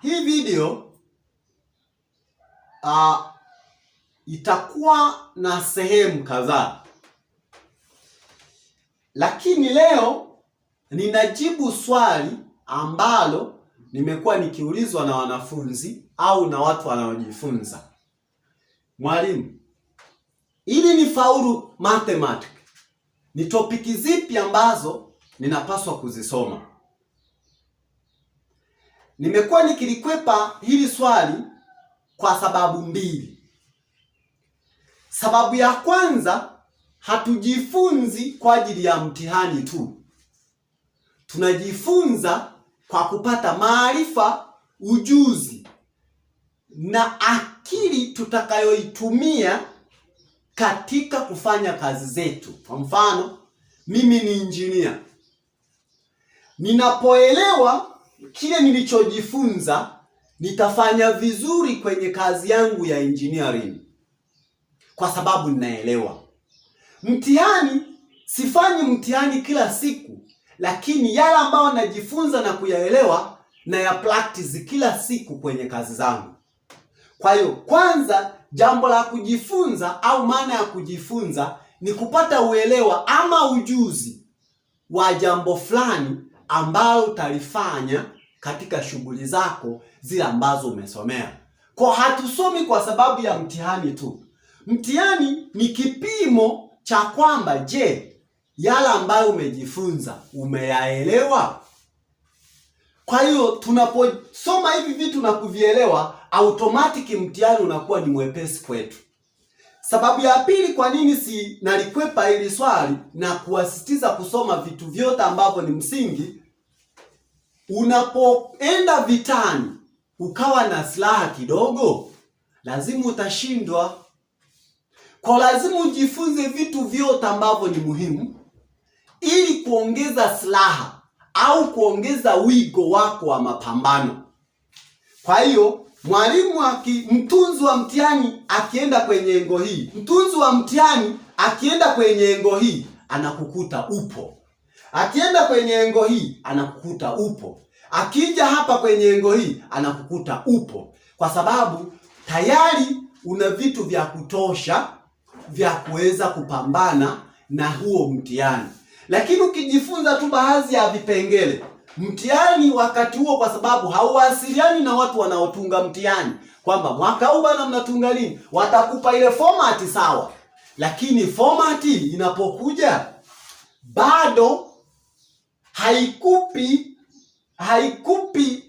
Hii video uh, itakuwa na sehemu kadhaa, lakini leo ninajibu swali ambalo nimekuwa nikiulizwa na wanafunzi au na watu wanaojifunza. Mwalimu, ili nifaulu mathematics, ni topiki zipi ambazo ninapaswa kuzisoma? Nimekuwa nikilikwepa hili swali kwa sababu mbili. Sababu ya kwanza, hatujifunzi kwa ajili ya mtihani tu, tunajifunza kwa kupata maarifa, ujuzi na akili tutakayoitumia katika kufanya kazi zetu. Kwa mfano, mimi ni injinia, ninapoelewa kile nilichojifunza nitafanya vizuri kwenye kazi yangu ya engineering kwa sababu ninaelewa. Mtihani sifanyi mtihani kila siku, lakini yale ambayo najifunza na kuyaelewa na ya practice kila siku kwenye kazi zangu. Kwa hiyo, kwanza jambo la kujifunza au maana ya kujifunza ni kupata uelewa ama ujuzi wa jambo fulani ambayo utalifanya katika shughuli zako zile ambazo umesomea. Kwa hatusomi kwa sababu ya mtihani tu. Mtihani ni kipimo cha kwamba, je, yale ambayo umejifunza umeyaelewa? Kwa hiyo tunaposoma hivi vitu na kuvielewa, automatic mtihani unakuwa ni mwepesi kwetu. Sababu ya pili kwa nini si nalikwepa hili swali na kuwasisitiza kusoma vitu vyote ambavyo ni msingi. Unapoenda vitani ukawa na silaha kidogo, lazima utashindwa. Kwa lazima ujifunze vitu vyote ambavyo ni muhimu ili kuongeza silaha au kuongeza wigo wako wa mapambano. Kwa hiyo Mwalimu aki mtunzi wa mtihani akienda kwenye engo hii, mtunzi wa mtihani akienda kwenye engo hii anakukuta upo, akienda kwenye engo hii anakukuta upo, akija hapa kwenye engo hii anakukuta upo, kwa sababu tayari una vitu vya kutosha vya kuweza kupambana na huo mtihani. Lakini ukijifunza tu baadhi ya vipengele mtihani wakati huo, kwa sababu hauwasiliani na watu wanaotunga mtihani kwamba mwaka huu bana mnatunga nini. Watakupa ile format sawa, lakini format inapokuja bado haikupi haikupi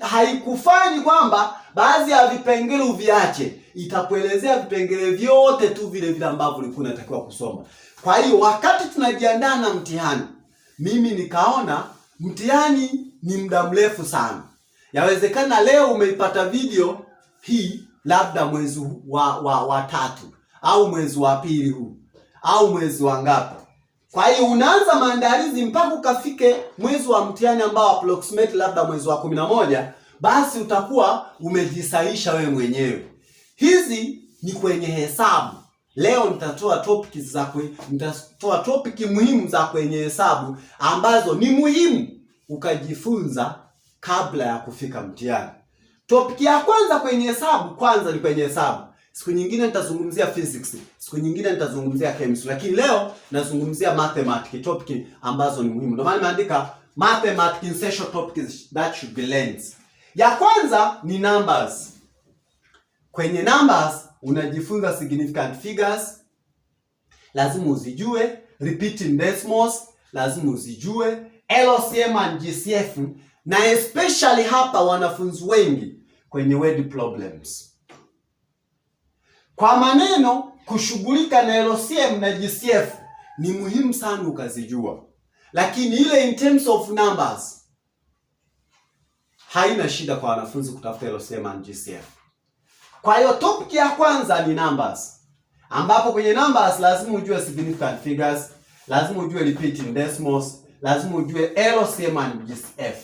haikufanyi kwamba baadhi ya vipengele uviache, itakuelezea vipengele vyote tu vile vile ambavyo ulikuwa unatakiwa kusoma. Kwa hiyo wakati tunajiandaa na mtihani, mimi nikaona Mtihani ni muda mrefu sana. Yawezekana leo umeipata video hii labda mwezi wa, wa, wa tatu au mwezi wa pili huu au mwezi wa ngapi. Kwa hiyo unaanza maandalizi mpaka ukafike mwezi wa mtihani ambao approximate labda mwezi wa kumi na moja, basi utakuwa umejisaisha wewe mwenyewe. Hizi ni kwenye hesabu. Leo nitatoa topic za kwe, nitatoa topic muhimu za kwenye hesabu ambazo ni muhimu ukajifunza kabla ya kufika mtihani. Topic ya kwanza kwenye hesabu, kwanza ni kwenye hesabu. Siku nyingine nitazungumzia physics, siku nyingine nitazungumzia chemistry, lakini leo nazungumzia mathematics, topic ambazo ni muhimu. Ndio maana nimeandika mathematics essential topics that should be learned. Ya kwanza ni numbers. Kwenye numbers unajifunza significant figures, lazima uzijue. Repeating decimals lazima uzijue, LCM and GCF, na especially hapa wanafunzi wengi kwenye word problems. Kwa maneno, kushughulika na LCM na GCF ni muhimu sana ukazijua, lakini ile in terms of numbers haina shida kwa wanafunzi kutafuta LCM and GCF. Kwa hiyo topic ya kwanza ni numbers, ambapo kwenye numbers lazima ujue significant figures, lazima ujue repeating decimals, lazima ujue LCM and BCF,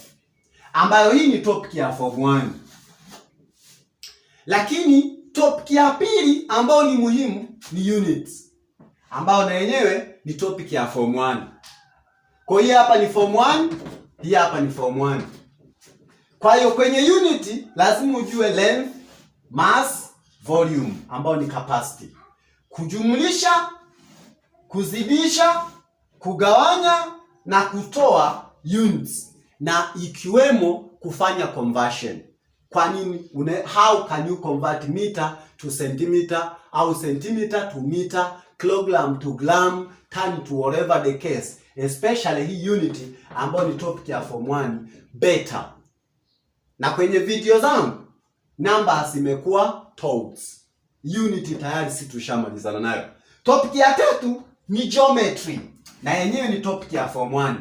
ambayo hii ni topic ya form 1. Lakini topic ya pili ambayo ni muhimu ni units, ambayo na yenyewe ni topic ya form 1. Kwa hiyo hapa ni form 1, hii hapa ni form 1. Kwa hiyo kwenye unit lazima ujue length mass volume ambayo ni capacity. Kujumlisha, kuzidisha, kugawanya na kutoa units na ikiwemo kufanya conversion. Kwa nini une, how can you convert meter to centimeter au centimeter to meter, kilogram to gram, ton to whatever the case, especially hii unity ambayo ni topic ya form 1 beta. Na kwenye video zangu numbers imekuwa tones. Unity tayari si tushamalizana nayo. Topic ya tatu ni geometry, na yenyewe ni topic ya form 1.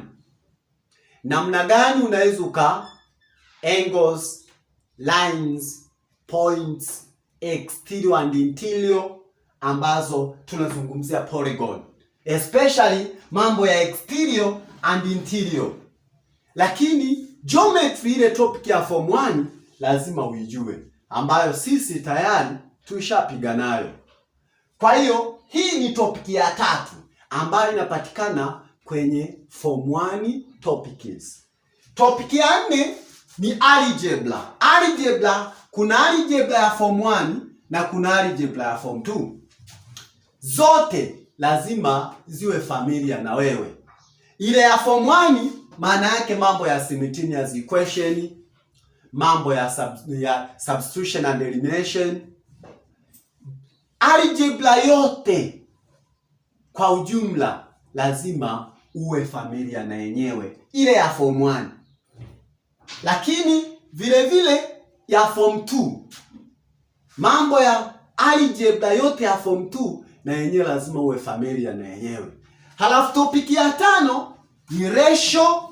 Namna gani unaweza uka angles, lines, points, exterior and interior ambazo tunazungumzia polygon, especially mambo ya exterior and interior, lakini geometry ile topic ya form 1 lazima uijue, ambayo sisi tayari tushapiga nayo. Kwa hiyo hii ni topiki ya tatu ambayo inapatikana kwenye form 1 topics. Topiki ya nne ni algebra. Algebra kuna algebra ya form 1 na kuna algebra ya form 2. Zote lazima ziwe familia na wewe. Ile ya form 1 maana yake mambo ya simultaneous equation mambo ya, sub, ya substitution and elimination, algebra yote kwa ujumla lazima uwe familia na yenyewe ile ya form 1, lakini vile vile ya form 2, mambo ya algebra yote ya form 2 na yenyewe lazima uwe familia na yenyewe. Halafu topiki ya tano ni ratio,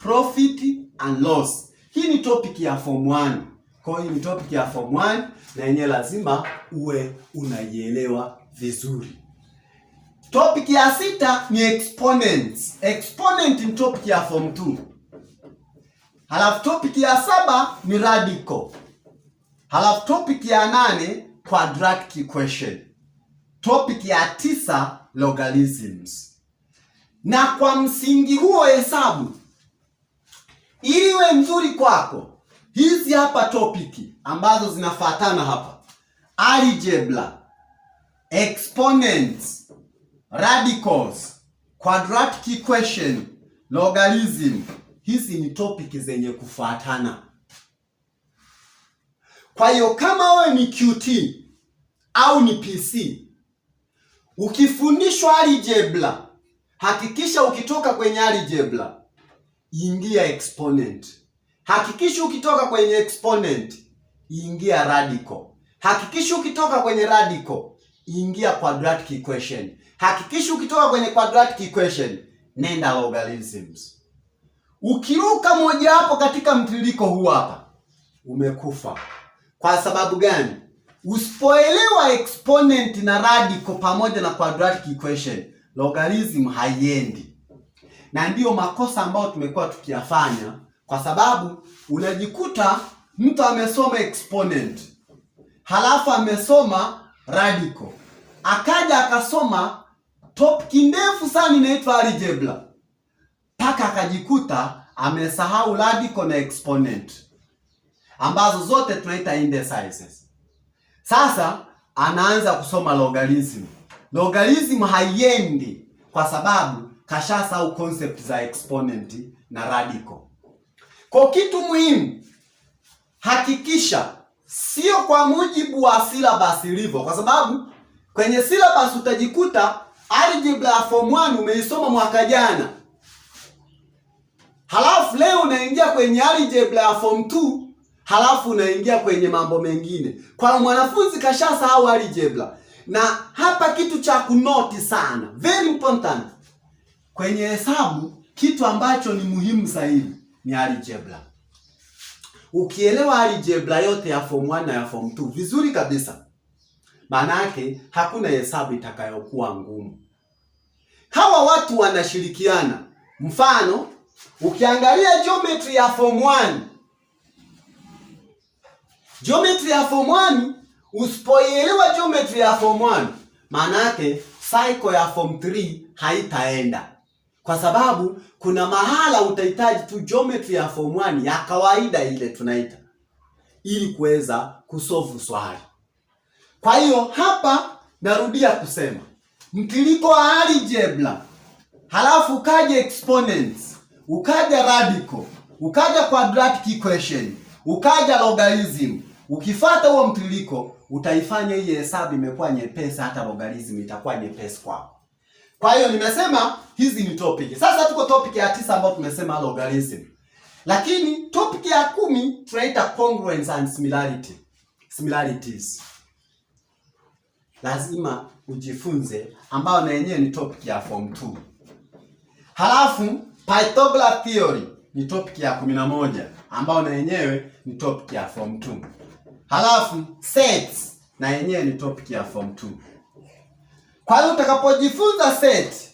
profit and loss. Hii ni topic ya form 1. Kwa hiyo hii ni topic ya form 1 na yenyewe lazima uwe unaielewa vizuri. Topic ya sita ni exponents. Exponent ni topic ya form 2. Halafu topic ya saba ni radical. Halafu topic ya nane quadratic equation. Topic ya tisa logarithms. Na kwa msingi huo hesabu iwe nzuri kwako, hizi hapa topiki ambazo zinafuatana hapa: algebra, exponents, radicals, quadratic equation, logarithm. Hizi ni topiki zenye kufuatana. Kwa hiyo kama wewe ni QT au ni PC ukifundishwa algebra, hakikisha ukitoka kwenye algebra ingia exponent. Hakikisha ukitoka kwenye exponent, ingia radical. Hakikisha ukitoka kwenye radical, ingia quadratic equation. Hakikisha ukitoka kwenye quadratic equation, nenda logarithms. Ukiruka hapo katika mtiririko huu hapa, umekufa. Kwa sababu gani? Usipoelewa exponent na radical pamoja na quadratic equation, logarithm haiendi na ndiyo makosa ambayo tumekuwa tukiyafanya, kwa sababu unajikuta mtu amesoma exponent halafu amesoma radical akaja akasoma topiki ndefu sana inaitwa algebra mpaka akajikuta amesahau radical na exponent ambazo zote tunaita indices. Sasa anaanza kusoma logarithm. Logarithm haiendi kwa sababu kashasahau concept za exponent na radical. Kwa kitu muhimu, hakikisha sio kwa mujibu wa syllabus ilivyo, kwa sababu kwenye syllabus utajikuta algebra form 1 umeisoma mwaka jana, halafu leo unaingia kwenye algebra form 2 halafu unaingia kwenye mambo mengine. Kwa mwanafunzi kashasahau algebra, na hapa kitu cha kunoti sana, very important kwenye hesabu kitu ambacho ni muhimu zaidi ni algebra. Ukielewa algebra yote ya form 1 na ya form 2 vizuri kabisa, maana yake hakuna hesabu itakayokuwa ngumu. Hawa watu wanashirikiana. Mfano, ukiangalia geometry ya form 1, geometry ya form 1 usipoielewa geometry ya form 1, maana yake cycle ya form 3 haitaenda kwa sababu kuna mahala utahitaji tu geometry ya form 1 ya kawaida ile tunaita, ili kuweza kusolve swali. Kwa hiyo hapa narudia kusema mtiliko wa algebra, halafu ukaja exponents, ukaja radical, ukaja quadratic equation, ukaja logarithm. Ukifata huo mtiliko, utaifanya hii hesabu imekuwa nyepesi, hata logarithm itakuwa nyepesi kwako. Kwa hiyo nimesema hizi ni topic. Sasa tuko topic ya tisa ambayo tumesema logarithm. Lakini topic ya kumi tunaita congruence and similarity. Similarities. Lazima ujifunze ambayo na yenyewe ni topic ya form 2. Halafu Pythagoras theory ni topic ya kumi na moja ambayo na yenyewe ni topic ya form 2. Halafu sets na yenyewe ni topic ya form 2. Pale utakapojifunza set,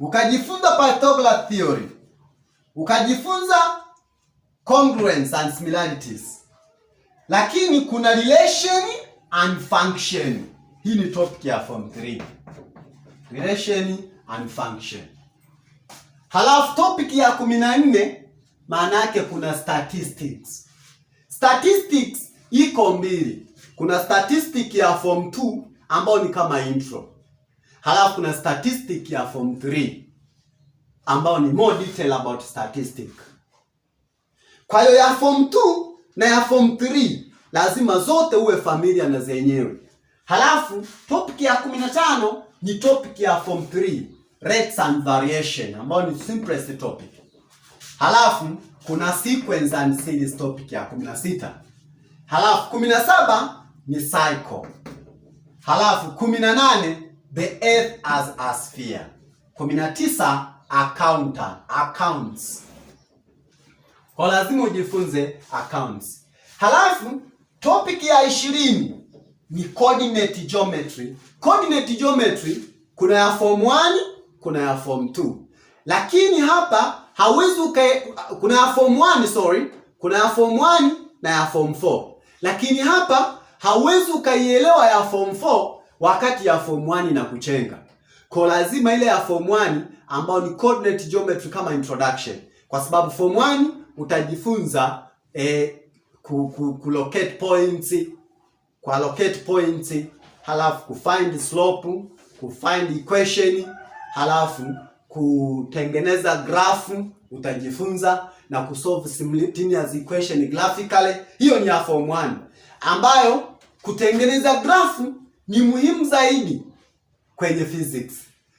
ukajifunza particular theory, ukajifunza congruence and similarities, lakini kuna relation and function. Hii ni topic ya form 3, relation and function. Halafu topic ya 14 maana yake kuna statistics. Statistics iko mbili, kuna statistic ya form 2 ambao ni kama intro, halafu kuna statistic ya form 3 ambao ni more detail about statistic. Kwa hiyo ya form 2 na ya form 3 lazima zote uwe familia na zenyewe. Halafu topic ya 15 ni topic ya form 3 rates and variation ambao ni simplest topic. Halafu kuna sequence and series topic ya 16. Halafu 17 ni cycle. Halafu 18 the earth as a sphere. 19 na accounts. Kwa lazima ujifunze accounts. Halafu topic ya ishirini ni coordinate geometry. Coordinate geometry kuna ya form 1, kuna ya form 2. Lakini hapa hauwezi kuna ya form 1, sorry, kuna ya form 1 na ya form 4. Lakini hapa hauwezi ukaielewa ya form 4 wakati ya form 1 na kuchenga Kwa lazima ile ya form 1 ambayo ni coordinate geometry kama introduction, kwa sababu form 1 utajifunza eh, ku, ku, ku locate points, kwa locate points, halafu ku find slope, ku find equation, halafu kutengeneza grafu utajifunza na kusolve simultaneous equation graphically. Hiyo ni ya form 1 ambayo kutengeneza grafu ni muhimu zaidi kwenye physics.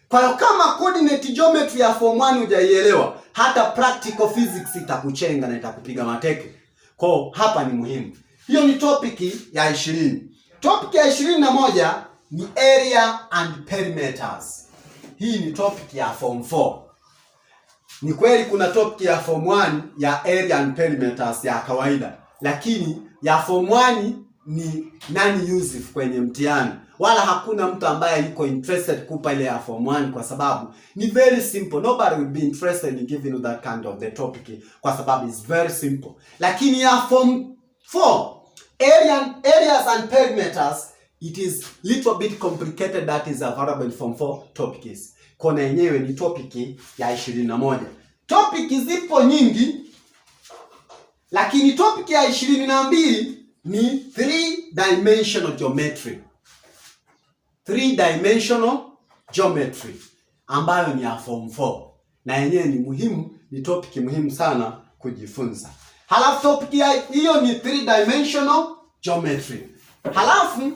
Kwa hiyo kama coordinate geometry ya form 1 hujaielewa, hata practical physics itakuchenga na itakupiga mateke. Kwa hiyo hapa ni muhimu. Hiyo ni topic ya 20. Topic ya ishirini na moja ni area and perimeters. Hii ni topic ya form 4. Ni kweli kuna topic ya form 1 ya area and perimeters ya kawaida, lakini ya form 1 ni nani Yusuf kwenye mtihani, wala hakuna mtu ambaye yuko interested kupa ile ya form 1 kwa sababu ni very simple. Nobody will be interested in giving you that kind of the topic kwa sababu it's very simple, lakini ya form 4 area, areas and perimeters it is little bit complicated. That is available in form 4 topics. Kona yenyewe ni topic ya 21. Topic zipo nyingi, lakini topic ya 22 ni three dimensional geometry, three dimensional geometry ambayo ni ya form 4 na yenyewe ni muhimu, ni topic muhimu sana kujifunza. Halafu topic ya hiyo ni three dimensional geometry. Halafu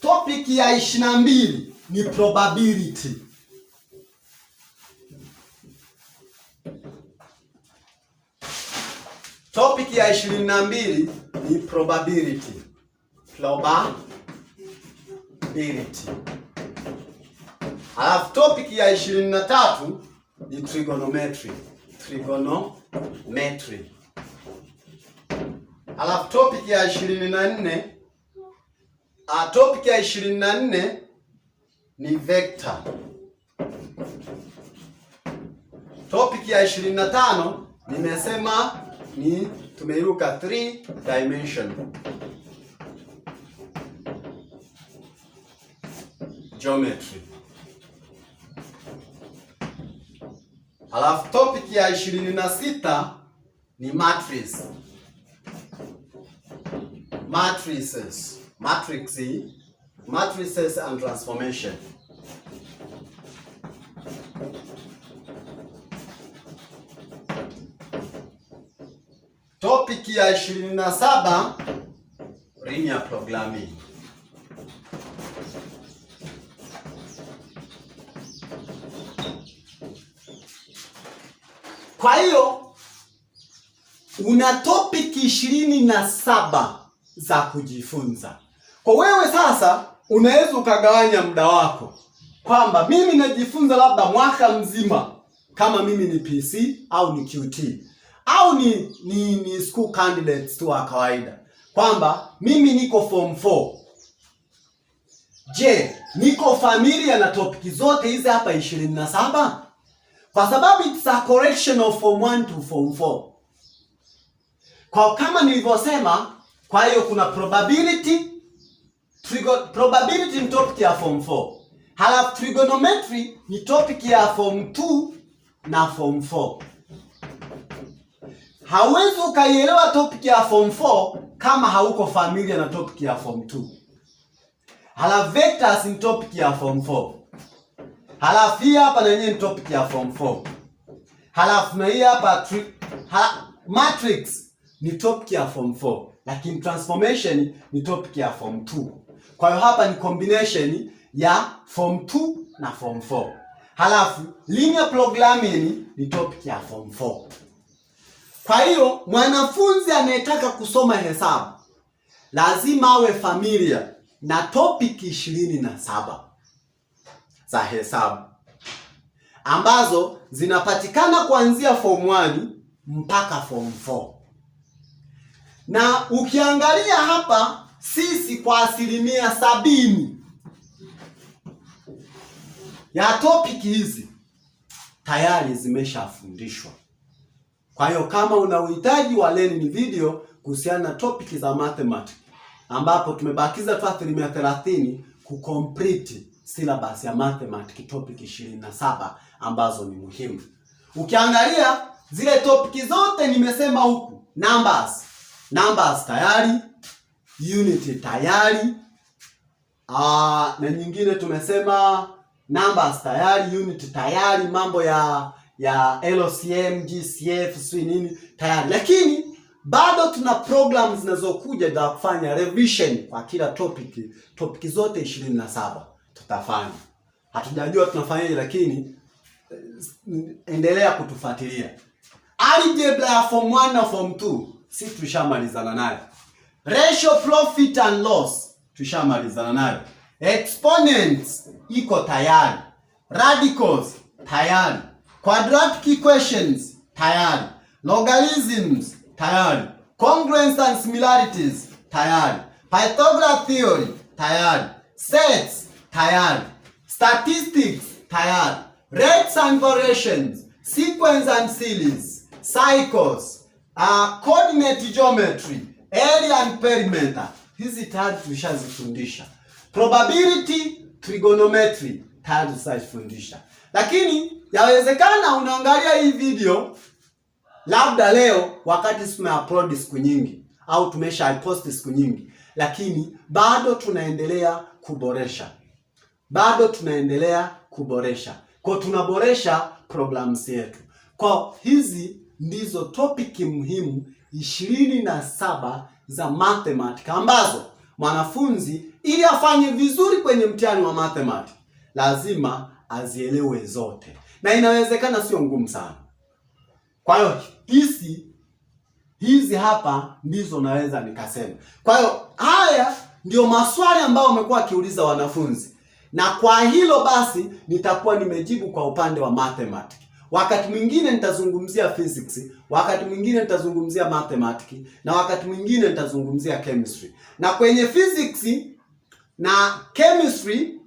topic ya 22 ni probability Topic ya 22 ni probability. Probability. Alafu topic ya 23 ni trigonometry. Trigonometry. Alafu topic ya 24 a ah, topic ya 24 ni vector. Topic ya 25 nimesema ni tumeiruka three dimension. Geometry. Alafu topic ya 26 na sita ni matrix. Matrices. Matrix. Matrices and transformation. ya 27 linear programming. Kwa hiyo una topic 27 za kujifunza. Kwa wewe sasa unaweza ukagawanya muda wako kwamba mimi najifunza labda mwaka mzima kama mimi ni PC au ni QT au ni ni, ni school candidates tu wa kawaida kwamba mimi niko form 4. Je, niko familia na topiki zote hizi hapa 27? Kwa sababu it's a correction of form 1 to form 4. Kwa kama nilivyosema, kwa hiyo kuna probability trigo, probability ni topic ya form 4. Halafu trigonometry ni topic ya form 2 na form 4. Hawezi ukaielewa topic ya form 4 kama hauko familia na topic ya form 2. Hala vectors ni topic ya form 4. Halafu hii hapa na yenyewe ni topic ya form 4. Halafu na hii hapa hala, matrix ni topic ya form 4, lakini transformation ni topic ya form 2. Kwa hiyo hapa ni combination ya form 2 na form 4. Halafu linear programming ni topic ya form 4. Kwa hiyo mwanafunzi anayetaka kusoma hesabu lazima awe familia na topiki ishirini na saba za hesabu ambazo zinapatikana kuanzia form 1 mpaka form 4. Na ukiangalia hapa sisi kwa asilimia sabini ya topiki hizi tayari zimeshafundishwa. Kwa hiyo kama una uhitaji wa Lenny video kuhusiana na topic za mathematics, ambapo tumebakiza tu asilimia thelathini complete syllabus ya mathematics topic 27 ambazo ni muhimu. Ukiangalia zile topic zote nimesema huku, numbers numbers tayari, unit tayari, aa, na nyingine tumesema numbers tayari, unit tayari, mambo ya ya LCM, GCF, si nini tayari, lakini bado tuna program zinazokuja za kufanya revision kwa kila topic. Topic zote ishirini na saba tutafanya, hatujajua tunafanyaje, lakini eh, endelea kutufuatilia. Algebra ya form 1 na form 2 si tushamalizana nayo. Ratio profit and loss tulishamalizana nayo. Exponents iko tayari, radicals tayari quadratic equations tayari, logarithms tayari, congruence and similarities tayari, Pythagoras theory tayari, sets tayari, statistics tayari, rates and variations, sequence and series, cycles, uh, coordinate geometry, area and perimeter. Hizi tayari tumeshazifundisha. Probability, trigonometry tayari tumeshazifundisha. lakini Yawezekana unaangalia hii video labda leo wakati upload siku nyingi au tumesha post siku nyingi, lakini bado tunaendelea kuboresha, bado tunaendelea kuboresha kwa tunaboresha programs yetu. Kwa hizi ndizo topic muhimu ishirini na saba za mathematics ambazo mwanafunzi ili afanye vizuri kwenye mtihani wa mathematics lazima azielewe zote na inawezekana sio ngumu sana. Kwa hiyo hizi hizi hapa ndizo naweza nikasema. Kwa hiyo haya ndio maswali ambayo wamekuwa wakiuliza wanafunzi, na kwa hilo basi nitakuwa nimejibu kwa upande wa mathematics. Wakati mwingine nitazungumzia physics, wakati mwingine nitazungumzia mathematics, na wakati mwingine nitazungumzia chemistry. Na kwenye physics na chemistry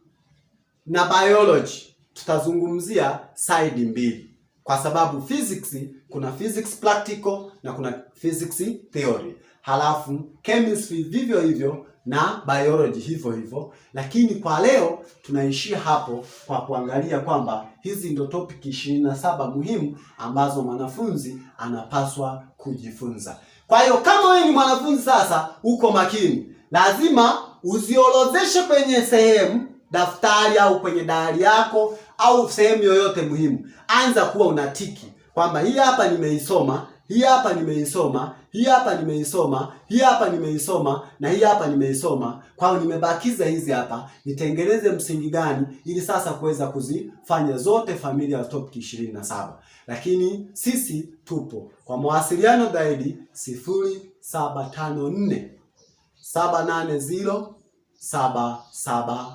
na biology tutazungumzia side mbili, kwa sababu physics kuna physics practical na kuna physics theory, halafu chemistry vivyo hivyo na biology hivyo hivyo, lakini kwa leo tunaishia hapo kwa kuangalia kwamba hizi ndo topic 27 muhimu ambazo mwanafunzi anapaswa kujifunza. Kwa hiyo kama wewe ni mwanafunzi sasa, uko makini, lazima uziorodheshe kwenye sehemu daftari au kwenye dayari yako au sehemu yoyote muhimu, anza kuwa unatiki kwamba hii hapa nimeisoma, hii hapa nimeisoma, hii hapa nimeisoma, hii hapa nimeisoma na hii hapa nimeisoma, hiyo nimebakiza hizi hapa, nitengeneze msingi gani ili sasa kuweza kuzifanya zote familia ya Topic 27. Lakini sisi tupo kwa mawasiliano zaidi 0754 780 775.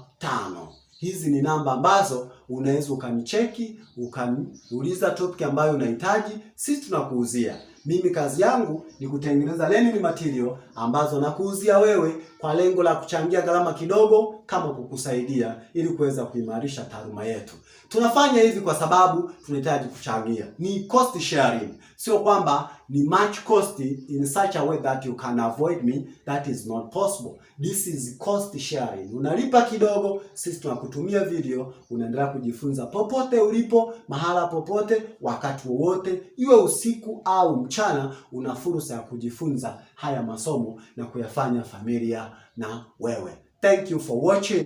Hizi ni namba ambazo unaweza ukanicheki ukaniuliza topic ambayo unahitaji, sisi tunakuuzia. Mimi kazi yangu ni kutengeneza learning material ambazo nakuuzia wewe kwa lengo la kuchangia gharama kidogo kama kukusaidia ili kuweza kuimarisha taaluma yetu. Tunafanya hivi kwa sababu tunahitaji kuchangia. Ni cost sharing. Sio kwamba ni much cost in such a way that you can avoid me, that is not possible. This is cost sharing. Unalipa kidogo, sisi tunakutumia video, unaendelea kujifunza popote ulipo, mahala popote, wakati wowote, iwe usiku au mchana una fursa ya kujifunza haya masomo na kuyafanya familia na wewe. Thank you for watching.